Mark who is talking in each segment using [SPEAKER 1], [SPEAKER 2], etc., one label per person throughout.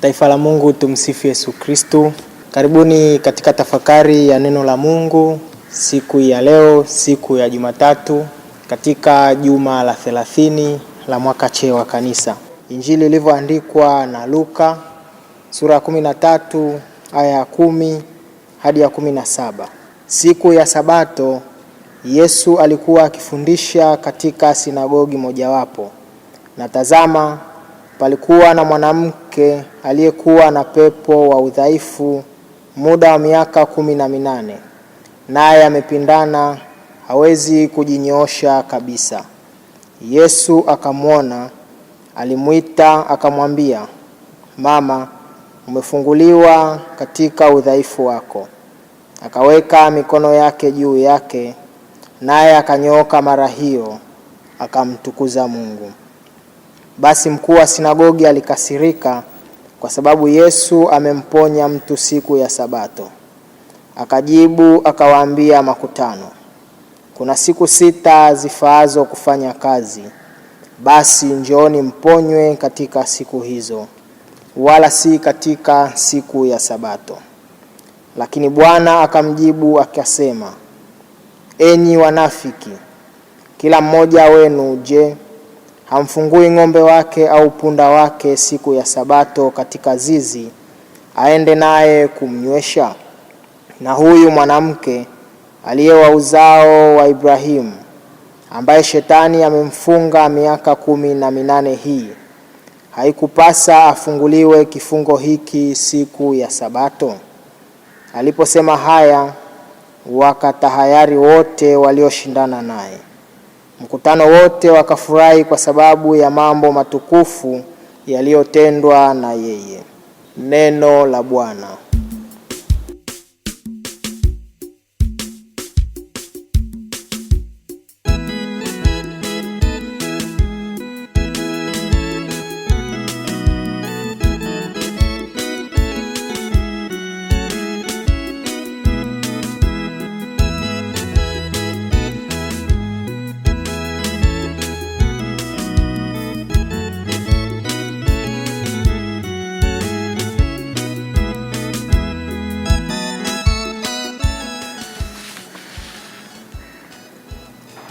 [SPEAKER 1] Taifa la Mungu, tumsifu Yesu Kristu. Karibuni katika tafakari ya neno la Mungu siku ya leo, siku ya Jumatatu katika juma la thelathini la mwaka C wa Kanisa. Injili ilivyoandikwa na Luka sura ya kumi na tatu aya ya kumi hadi ya kumi na saba. Siku ya Sabato Yesu alikuwa akifundisha katika sinagogi mojawapo, na tazama Palikuwa na mwanamke aliyekuwa na pepo wa udhaifu muda wa miaka kumi na minane, naye amepindana, hawezi kujinyoosha kabisa. Yesu akamwona, alimwita, akamwambia, Mama, umefunguliwa katika udhaifu wako. Akaweka mikono yake juu yake, naye akanyooka mara hiyo, akamtukuza Mungu. Basi mkuu wa sinagogi alikasirika kwa sababu Yesu amemponya mtu siku ya Sabato. Akajibu akawaambia makutano, kuna siku sita zifaazo kufanya kazi, basi njooni mponywe katika siku hizo, wala si katika siku ya Sabato. Lakini Bwana akamjibu akasema, enyi wanafiki, kila mmoja wenu je hamfungui ng'ombe wake au punda wake siku ya Sabato katika zizi, aende naye kumnywesha? Na huyu mwanamke aliye wa uzao wa Ibrahimu, ambaye shetani amemfunga miaka kumi na minane hii, haikupasa afunguliwe kifungo hiki siku ya Sabato? Aliposema haya, wakatahayari wote walioshindana naye. Mkutano wote wakafurahi kwa sababu ya mambo matukufu yaliyotendwa na yeye. Neno la Bwana.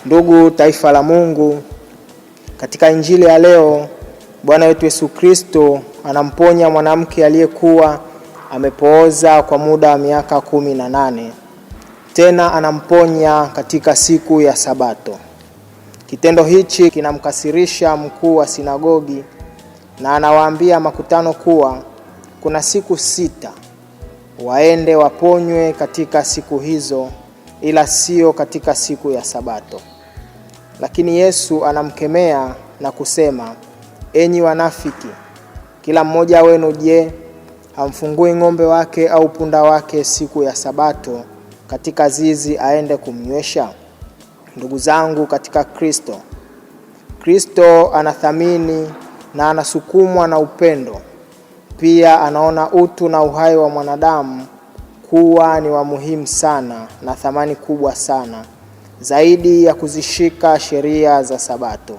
[SPEAKER 1] Ndugu taifa la Mungu, katika injili ya leo Bwana wetu Yesu Kristo anamponya mwanamke aliyekuwa amepooza kwa muda wa miaka kumi na nane. Tena anamponya katika siku ya Sabato. Kitendo hichi kinamkasirisha mkuu wa sinagogi, na anawaambia makutano kuwa kuna siku sita waende waponywe katika siku hizo, ila sio katika siku ya Sabato. Lakini Yesu anamkemea na kusema, enyi wanafiki, kila mmoja wenu je, hamfungui ng'ombe wake au punda wake siku ya Sabato katika zizi aende kumnywesha? Ndugu zangu katika Kristo, Kristo anathamini na anasukumwa na upendo. Pia anaona utu na uhai wa mwanadamu kuwa ni wa muhimu sana na thamani kubwa sana zaidi ya kuzishika sheria za Sabato,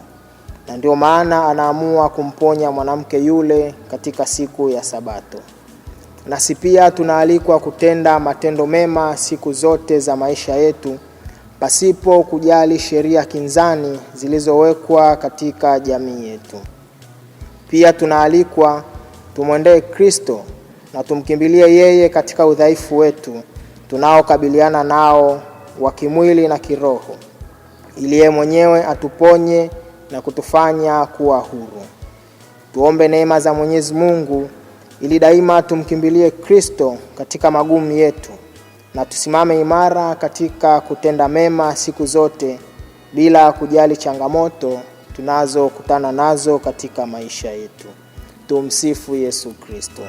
[SPEAKER 1] na ndio maana anaamua kumponya mwanamke yule katika siku ya Sabato. Nasi pia tunaalikwa kutenda matendo mema siku zote za maisha yetu pasipo kujali sheria kinzani zilizowekwa katika jamii yetu. Pia tunaalikwa tumwendee Kristo na tumkimbilie yeye katika udhaifu wetu tunaokabiliana nao wa kimwili na kiroho, ili yeye mwenyewe atuponye na kutufanya kuwa huru. Tuombe neema za Mwenyezi Mungu ili daima tumkimbilie Kristo katika magumu yetu na tusimame imara katika kutenda mema siku zote bila kujali changamoto tunazokutana nazo katika maisha yetu. Tumsifu Yesu Kristo.